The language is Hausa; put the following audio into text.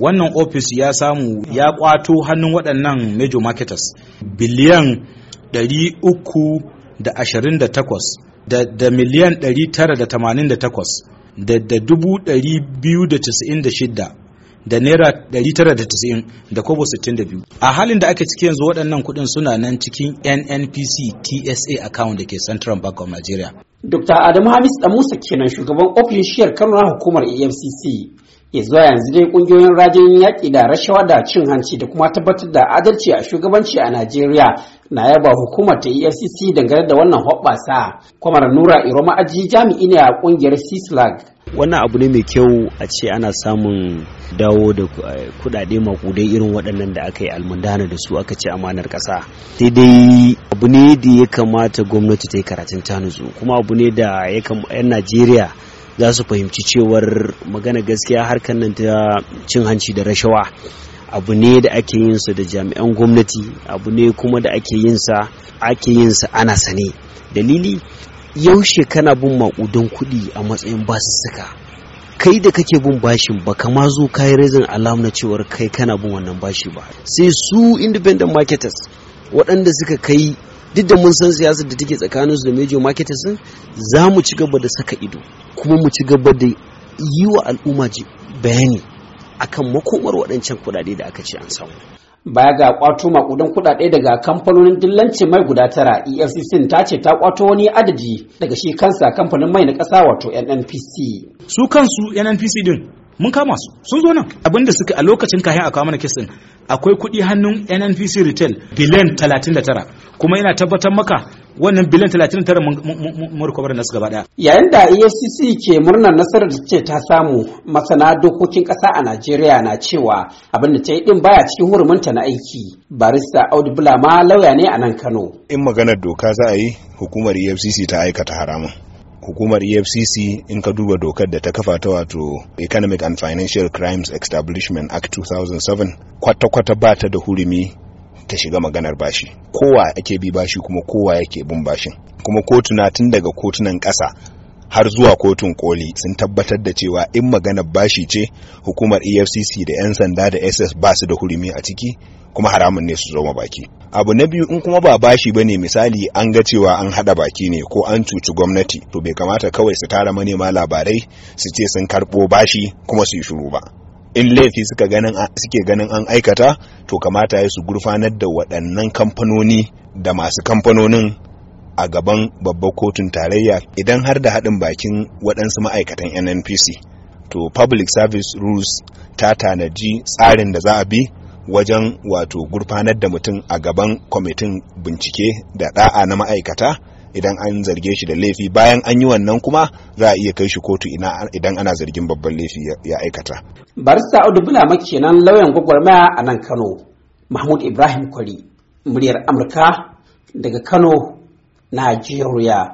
wannan ofis ya samu ya kwato hannun waɗannan major marketers biliyan 328 da, da miliyan 988 da, da biyu da da da naira tara da da kobo da biyu. a halin da ake ciki yanzu waɗannan kuɗin suna nan cikin nnpc tsa account da ke central bank of nigeria dr adamu hamis da musa kenan shugaban ofishiyar kanuna hukumar amcc zuwa yanzu dai kungiyoyin rajin yaƙi da rashawa da cin hanci da kuma tabbatar da adalci a shugabanci a Najeriya na yaba hukumar ta EFCC dangane da wannan hoɓɓasa. Kwamar Nura Iroma Aji jami'i ne a ƙungiyar CISLAG. Wannan abu ne mai kyau a ce ana samun dawo da kudade eh, makudai irin waɗannan da aka yi almundana da su aka ce amanar ƙasa. Sai dai abu ne da ya kamata gwamnati ta yi karatun ta nutsu kuma abu ne da 'yan Najeriya za su fahimci cewar magana gaskiya harkar nan ta cin hanci da rashawa abu ne da ake yin sa da jami'an gwamnati abu ne kuma da ake yin sa ake yin sa ana sane dalili yaushe kana bin maƙudan kuɗi a matsayin basussuka kai da kake bin bashin ba kama zo kayan rezin alam na cewar kai kana bin wannan bashi ba sai su independent marketers waɗanda suka kai duk da mun san siyasar da take tsakaninsu da major marketers za mu ci gaba da saka ido kuma mu ci gaba da yi wa al'umma bayani akan makomar waɗancan kuɗaɗe da aka ce an samu baya ga kwato makudan kuɗaɗe daga kamfanonin dillanci mai guda tara efcc ta ce ta kwato wani adadi daga shi kansa kamfanin mai na kasa wato nnpc su kansu nnpc din mun kama su sun zo nan abinda suka a lokacin kayan a kawo mana kes din akwai kuɗi hannun nnpc retail biliyan 39 kuma yana tabbatar maka wannan biliyan 39 mun rikobar nasu gaba daya yayin da efcc ke murnar nasarar da ce ta samu masana dokokin ƙasa a najeriya na cewa abin da ta yi din baya cikin hurumunta na aiki barista audu bulama lauya ne a nan kano in maganar doka za a yi hukumar efcc ta aikata haramun hukumar efcc in ka duba dokar da ta kafa ta wato economic and financial crimes establishment act 2007 kwata-kwata ba ta da hurumi ta shiga maganar bashi kowa ake bi bashi kuma kowa yake bin bashin kuma kotuna tun daga kotunan ƙasa har zuwa kotun koli sun tabbatar da cewa in maganar bashi ce hukumar efcc da 'yan sanda da ss ba su da hurumi a ciki kuma haramun ne su zo baki abu na biyu in kuma ba bashi bane misali an ga cewa an hada baki ne ko an cuci gwamnati to bai kamata kawai su tara manema labarai su ce sun karbo bashi kuma su yi shiru ba in laifi suka ganin suke ganin an aikata to kamata ya su gurfanar da waɗannan kamfanoni da masu kamfanonin a gaban babbar kotun tarayya idan har da haɗin bakin waɗansu ma'aikatan nnpc to public service rules ta tanaji tsarin da za a bi wajen wato gurfanar da mutum a gaban kwamitin bincike da da'a na ma'aikata idan an zarge shi da laifi bayan an yi wannan kuma za a iya kai shi kotu idan ana zargin babban laifi ya aikata. barista audu bulama kenan lauyan gwagwarmaya a nan kano mahmud ibrahim kwari muryar amurka daga kano najeriya